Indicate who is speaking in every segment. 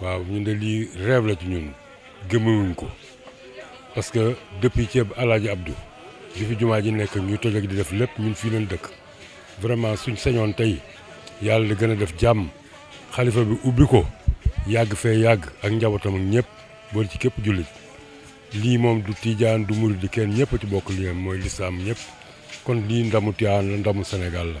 Speaker 1: waaw ñu de lii rêve la ci ñun gëmëwuñ ko parce que depuis ceeb alaaji Abdou di fi jumaa ji nekk ñuy toj ak di def lépp ñun fii leen dëkk vraiment suñ señoon tey yàlla di gën a def jàmm xalifa bi ubbi ko yàgg fee yàgg ak njabootam ak ñëpp boole ci képp jullit lii moom du tiijaan du murid di kenn ñëpp ci bokk lii mooy am ñëpp kon lii ndamu Tiwaawan la ndamu Sénégal la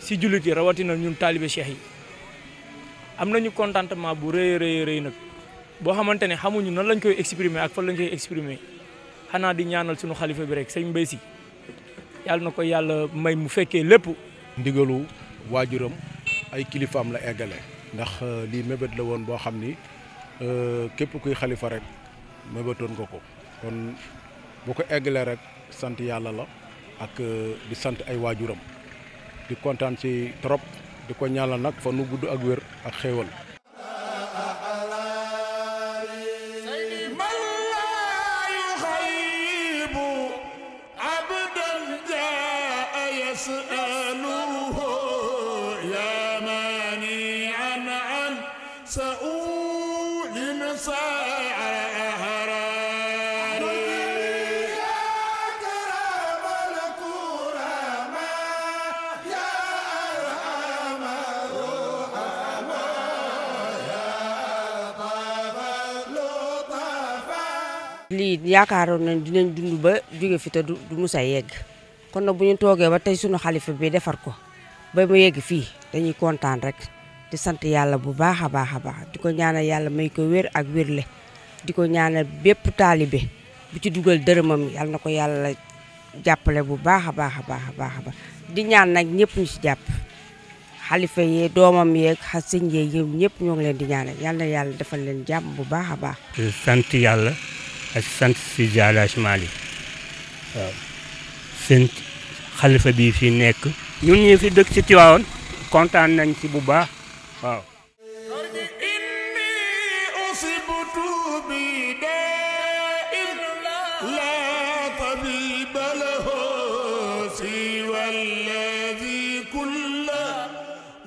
Speaker 1: si jullit yi rawatina ñun taalibe cheikh yi am nañu contentement bu rëy rëy rëy nag boo xamante ne xamuñu nan lañ koy exprimer ak fan lañ koy exprimer xanaa di ñaanal suñu xalifa bi rek sañ Mbaye Sy yàlla na ko yàlla may mu fekkee lépp. ndigalu waajuram ay kilifaam la eggale ndax euh, lii mébét la woon boo xam ni euh, képp kuy xalifa rek mébétoon nga ko kon bu ko eggalee rek sant yàlla la ak euh, di sant ay waajuram. di kontaan ci trop di ko ñaanal nag fa nu gudd ak wér ak xéewal
Speaker 2: سأوعي نصارى lii yaakaaroon nañ dinañ dund ba jóge fi te du musa yegg kon nag bu ñu toogee ba tey suñu xalifa bi defar ko ba mu yegg fii dañuy kontaan rek di sant yàlla bu baax a baax a baax di ko ñaanal yàlla may ko wér ak wérle di ko ñaanal bépp taalibe bu ci dugal dërëmam yàlla na ko yàlla jàppale bu baax a baax a baax a baax di ñaan nag ñëpp ñu ci jàpp xalifa yee doomam yeeg xa sëñ yee ñëpp ñoo ngi leen di ñaanal yàlla na yàlla defal leen jàmm bu baax a baax. sant yàlla. السنت السيدي على شمالي سنت خلف بي في نيك نيو نيو في دك سيتيوان كونتان نان سي بوبا واو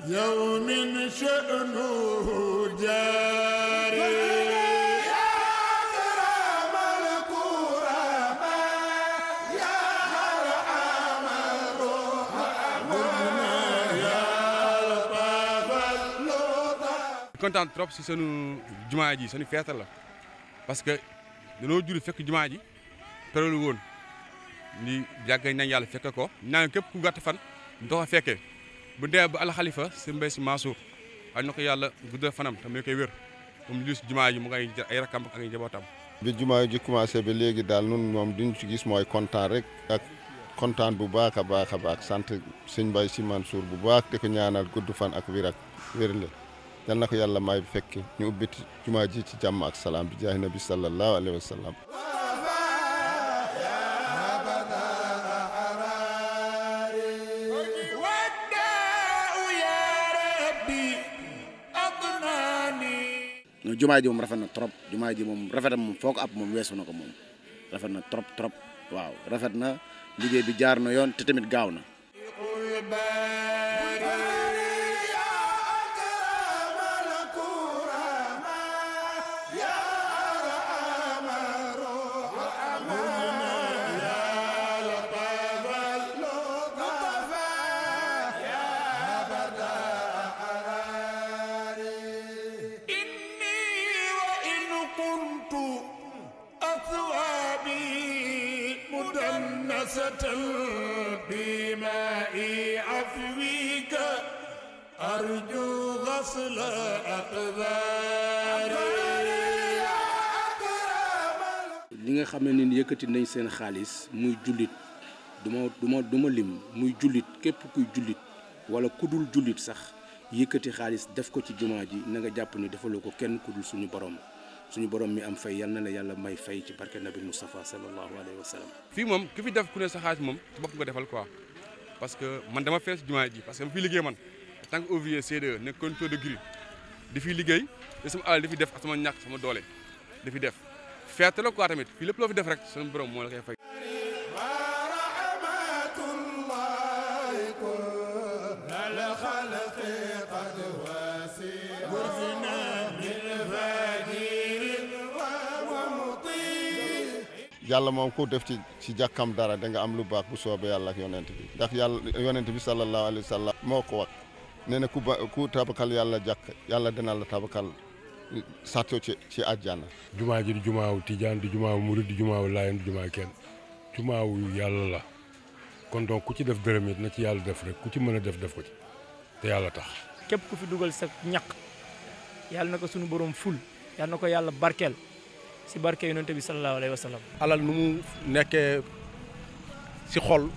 Speaker 2: يوم شأنه جاهز
Speaker 1: Kontan trop si sunu jumaaji ji sunu feetal la parce que dañoo juri fekk jumaaji ji tëralu ni jagg nañ yalla fekk ko nañ kep ku gatt fan doxa fekkee bu dee ba al khalifa mbay mbé Mansour fanam tamé mu koy wér comme li si jumaa ji mu ngay ay rakam ak ay jabotam
Speaker 2: bi jumaa ji commencé bi légui dal nun mom duñ ci gis moy content rek ak content bu baaka baaka baak sante seigne sant sëñ Mbay si Mansour bu baak te ko ñaanal gudd fan ak wirak yal na ko yàlla may bi fekk ñu ubbit jumaa ji ci jàmm ak salaam bi jaahi nabi sallallahu alayhi wa sallam
Speaker 1: jumaa ji moom rafet na trop jumaa ji moom rafetam moom foo ko ab moom weesu na ko moom rafet na trop trop waaw rafet na liggéey bi jaar na yoon te tamit gaaw na
Speaker 2: بماء عفوك
Speaker 1: li nga xam ne ni yëkkati nañ seen xaalis muy jullit du duma du lim muy jullit képp kuy jullit wala kudul jullit sax yëkkati xaalis def ko ci jumaa ji na nga jàpp ni defaloo ko kenn kudul suñu borom suñu borom mi am fay yal na la yàlla may fay ci barke nabi Moustapha sallallahu alayhi wa sallam. fii moom ku fi def ku ne sa xaalis moom ci bopp nga defal quoi parce que man dama fees jumaa ji parce que dama liggéey man en tant que ouvrier CDE nekk conducteur de grue di fi liggéey te sama alal di fi def ak sama ñàkk sama doole di fi def feete la quoi tamit fii lépp loo fi def rek suñu borom moo la koy fay.
Speaker 2: yàlla moom ku def ci ci jàkkam dara da am lu baax bu soobee yàlla ak yonent bi ndax yàlla yonent bi sallallahu alayhi wa sallam moo ko wax nee na ku ba ku tabakal yàlla jàkk yàlla denal la tabakal sàtto ci ci àjjana jumaa ji di jumaaw
Speaker 1: tijaan di jumaaw murid di jumaaw laayen di jumaa kenn yàlla la kon donc ku ci def dërëm it na ci yàlla def rek ku ci mën a def def ko ci te yàlla tax képp ku fi dugal sa ñaq yàlla na ko suñu borom ful yàlla na ko yàlla barkeel si barke yonent bi sallallahu alayhi wa sallam. alal nu mu nekkee si xol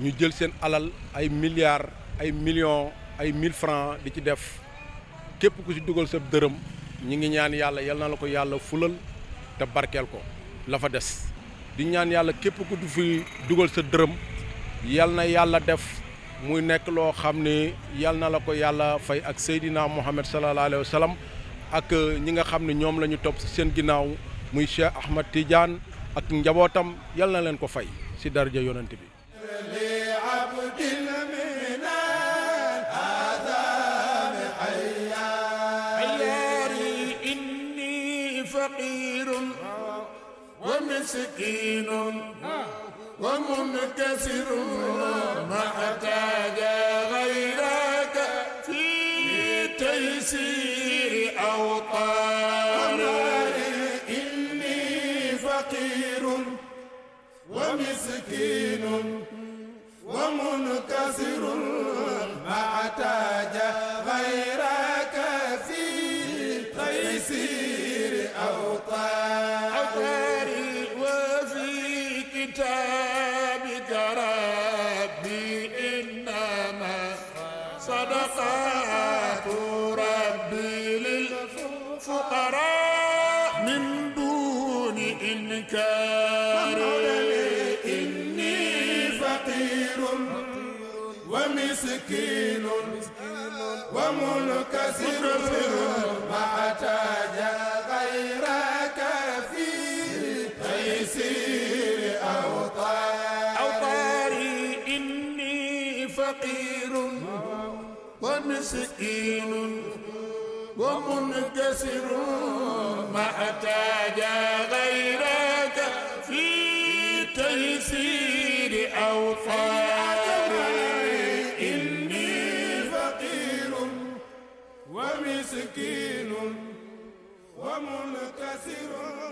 Speaker 1: ñu jël seen alal ay milliards ay millions ay mille francs di ci def képp ku si dugal sa dërëm ñi ngi ñaan yàlla yal na la ko yàlla fulal te barkeel ko la fa des di ñaan yàlla képp ku du fi dugal sa dërëm yal na yàlla def muy nekk loo xam ni yal na la ko yàlla fay ak Seydina Muhammad sallallahu alayhi wa sallam ak ñi nga xamni ñom lañu top ci seen ginnaaw muy Cheikh Ahmad Tidiane ak njabotam yal na leen ko fay ci darja yonent bi
Speaker 2: ومسكين ومنكسر محتاج من دون إنكار إني فقير ومسكين ومنكسر احتاج غيرك في تيسير أوطاري إني فقير ومسكين ومنكسر ما احتاج غيرك في تيسير أوطار إني فقير ومسكين ومنكسر